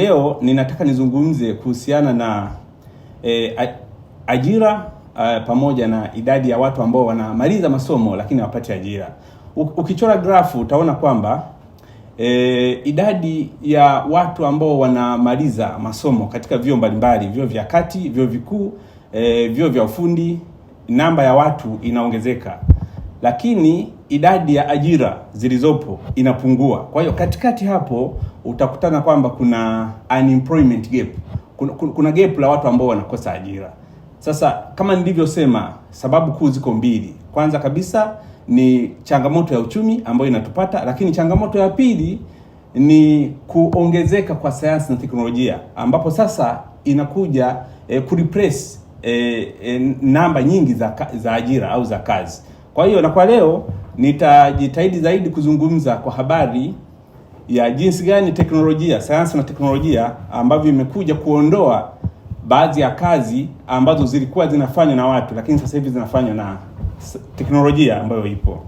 Leo ninataka nizungumze kuhusiana na e, ajira a, eh, pamoja na idadi ya watu ambao wanamaliza masomo lakini hawapati ajira. U, ukichora grafu utaona kwamba e, idadi ya watu ambao wanamaliza masomo katika vyuo mbalimbali, vyuo vya kati, vyuo vikuu, e, vyuo vya ufundi, namba ya watu inaongezeka lakini idadi ya ajira zilizopo inapungua. Kwa hiyo katikati hapo utakutana kwamba kuna unemployment gap, kuna, kuna gap la watu ambao wanakosa ajira. Sasa kama nilivyosema, sababu kuu ziko mbili. Kwanza kabisa ni changamoto ya uchumi ambayo inatupata, lakini changamoto ya pili ni kuongezeka kwa sayansi na teknolojia ambapo sasa inakuja eh, kureplace eh, eh, namba nyingi za, za ajira au za kazi. Kwa hiyo na kwa leo nitajitahidi zaidi kuzungumza kwa habari ya jinsi gani teknolojia, sayansi na teknolojia ambavyo imekuja kuondoa baadhi ya kazi ambazo zilikuwa zinafanywa na watu, lakini sasa hivi zinafanywa na teknolojia ambayo ipo.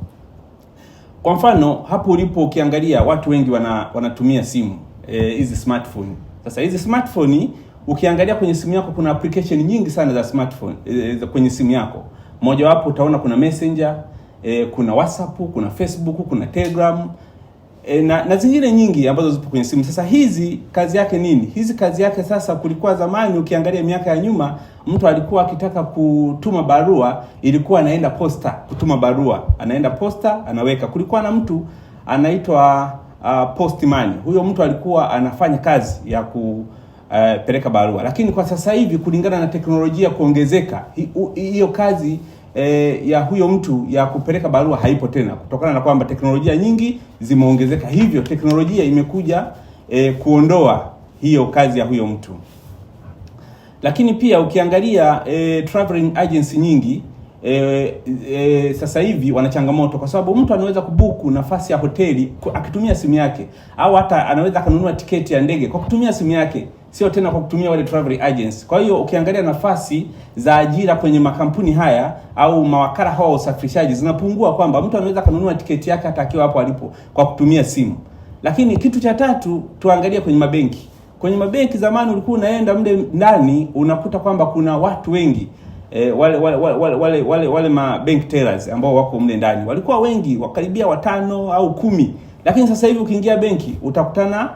Kwa mfano hapo ulipo, ukiangalia watu wengi wana, wanatumia simu e, hizi e, smartphone. Sasa hizi smartphone ukiangalia kwenye simu yako kuna application nyingi sana za smartphone e, kwenye simu yako Mojawapo utaona kuna Messenger e, kuna WhatsApp, kuna Facebook, kuna Telegram e, na, na zingine nyingi ambazo zipo kwenye simu. Sasa hizi kazi yake nini? Hizi kazi yake sasa, kulikuwa zamani, ukiangalia miaka ya nyuma, mtu alikuwa akitaka kutuma barua ilikuwa anaenda posta kutuma barua, anaenda posta anaweka. Kulikuwa na mtu anaitwa uh, postman. Huyo mtu alikuwa anafanya kazi ya ku uh, peleka barua. Lakini kwa sasa hivi kulingana na teknolojia kuongezeka, hiyo kazi eh, ya huyo mtu ya kupeleka barua haipo tena, kutokana na kwamba teknolojia nyingi zimeongezeka, hivyo teknolojia imekuja eh, kuondoa hiyo kazi ya huyo mtu. Lakini pia ukiangalia eh, traveling agency nyingi E, e, sasa hivi wana changamoto kwa sababu mtu anaweza kubuku nafasi ya hoteli akitumia simu yake, au hata anaweza akanunua tiketi ya ndege kwa kutumia simu yake sio tena kwa kutumia wale travel agents. Kwa hiyo ukiangalia nafasi za ajira kwenye makampuni haya au mawakala hawa wa usafirishaji zinapungua, kwamba mtu anaweza kanunua tiketi yake hata akiwa hapo alipo kwa kutumia simu. Lakini kitu cha tatu tuangalie kwenye mabenki. Kwenye mabenki zamani ulikuwa unaenda mle ndani unakuta kwamba kuna watu wengi E, wale wale wale wale, wale, wale ma bank tellers ambao wako mle ndani walikuwa wengi wakaribia watano au kumi, lakini sasa hivi ukiingia benki utakutana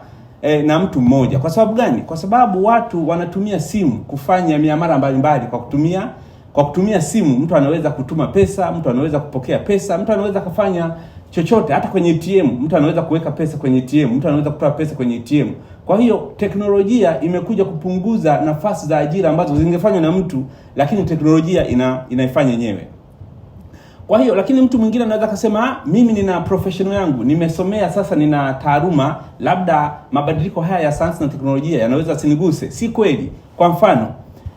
eh, na mtu mmoja. Kwa sababu gani? Kwa sababu watu wanatumia simu kufanya miamala mbalimbali kwa kutumia kwa kutumia simu. Mtu anaweza kutuma pesa, mtu anaweza kupokea pesa, mtu anaweza kufanya chochote, hata kwenye ATM. Mtu anaweza kuweka pesa kwenye ATM, mtu anaweza kutoa pesa kwenye ATM. Kwa hiyo teknolojia imekuja kupunguza nafasi za ajira ambazo zingefanywa na mtu, lakini teknolojia ina, inaifanya yenyewe. Kwa hiyo lakini mtu mwingine anaweza akasema ah, mimi nina professional yangu, nimesomea sasa, nina taaluma, labda mabadiliko haya ya sayansi na teknolojia yanaweza siniguse. Si kweli. Kwa mfano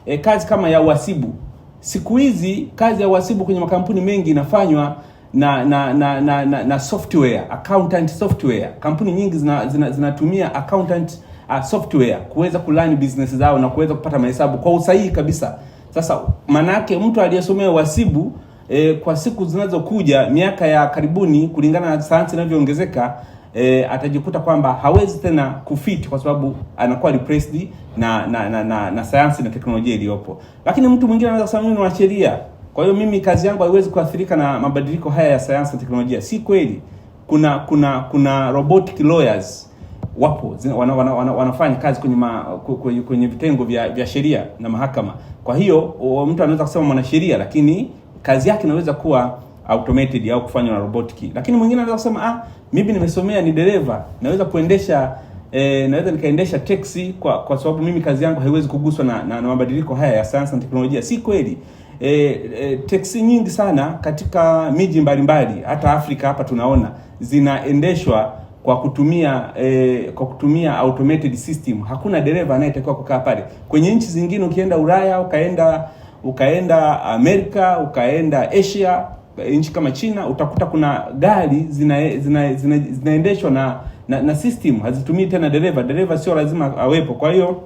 e, kazi kama ya uhasibu, siku hizi kazi ya uhasibu kwenye makampuni mengi inafanywa na na na na, na, na software accountant software. Kampuni nyingi zinatumia zina, zina accountant uh, software kuweza kulani business zao na kuweza kupata mahesabu kwa usahihi kabisa. Sasa manake mtu aliyesomea uhasibu e, kwa siku zinazokuja miaka ya karibuni, kulingana na sayansi inavyoongezeka e, atajikuta kwamba hawezi tena kufit kwa sababu anakuwa replaced na na, na, na, na sayansi na teknolojia iliyopo. Lakini mtu mwingine anaweza kusema mimi ni mwanasheria, kwa hiyo mimi kazi yangu haiwezi kuathirika na mabadiliko haya ya sayansi na teknolojia. Si kweli. Kuna kuna kuna robotic lawyers wapo wana, wana, wana, wanafanya kazi kwenye, ma, kwenye, kwenye vitengo vya, vya sheria na mahakama. Kwa hiyo mtu anaweza kusema mwanasheria lakini kazi yake inaweza kuwa automated au kufanywa na robotiki. Lakini mwingine anaweza kusema ah, mimi nimesomea ni dereva, naweza kuendesha e, naweza nikaendesha taxi kwa kwa sababu mimi kazi yangu haiwezi kuguswa na, na, na mabadiliko haya ya sayansi na teknolojia. Si kweli. E, eh, e, eh, taxi nyingi sana katika miji mbalimbali hata Afrika hapa tunaona zinaendeshwa kwa kutumia e, kwa kutumia automated system. Hakuna dereva anayetakiwa kukaa pale. Kwenye nchi zingine, ukienda Ulaya ukaenda ukaenda Amerika, ukaenda Asia, nchi kama China, utakuta kuna gari zina, zina, zina, zinaendeshwa na, na na system, hazitumii tena dereva. Dereva sio lazima awepo. Kwa hiyo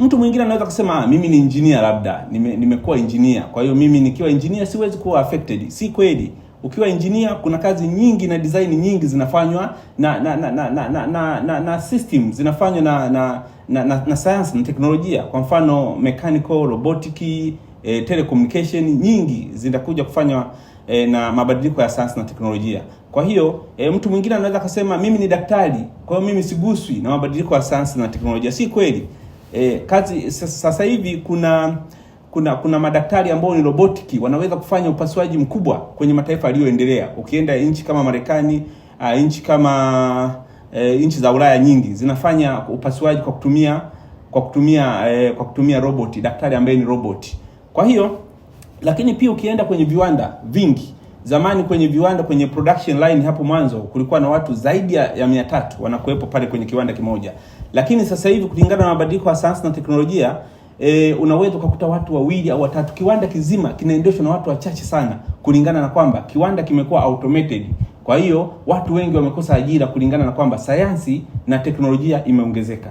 mtu mwingine anaweza kusema ah, mimi ni engineer, labda nimekuwa nime engineer, kwa hiyo mimi nikiwa engineer siwezi kuwa affected. Si kweli. Ukiwa injinia kuna kazi nyingi na design nyingi zinafanywa na na na na na, na, na, na, na system zinafanywa na na na, na, na science na teknolojia. Kwa mfano mechanical, robotic, eh, telecommunication nyingi zitakuja kufanywa eh, na mabadiliko ya science na teknolojia. Kwa hiyo eh, mtu mwingine anaweza kusema mimi ni daktari, kwa hiyo mimi siguswi na mabadiliko ya science na teknolojia. Si kweli. Eh, kazi sasa hivi kuna kuna kuna madaktari ambao ni robotiki wanaweza kufanya upasuaji mkubwa kwenye mataifa yaliyoendelea. Ukienda nchi kama Marekani, uh, nchi kama uh, nchi za Ulaya nyingi zinafanya upasuaji kwa kutumia kwa kutumia uh, kwa kutumia roboti, daktari ambaye ni roboti. Kwa hiyo lakini pia ukienda kwenye viwanda vingi, zamani kwenye viwanda, kwenye production line hapo mwanzo kulikuwa na watu zaidi ya mia tatu wanakuwepo pale kwenye kiwanda kimoja, lakini sasa hivi kulingana na mabadiliko ya sayansi na teknolojia e, unaweza ukakuta watu wawili au watatu, kiwanda kizima kinaendeshwa na watu wachache sana, kulingana na kwamba kiwanda kimekuwa automated. Kwa hiyo watu wengi wamekosa ajira kulingana na kwamba sayansi na teknolojia imeongezeka.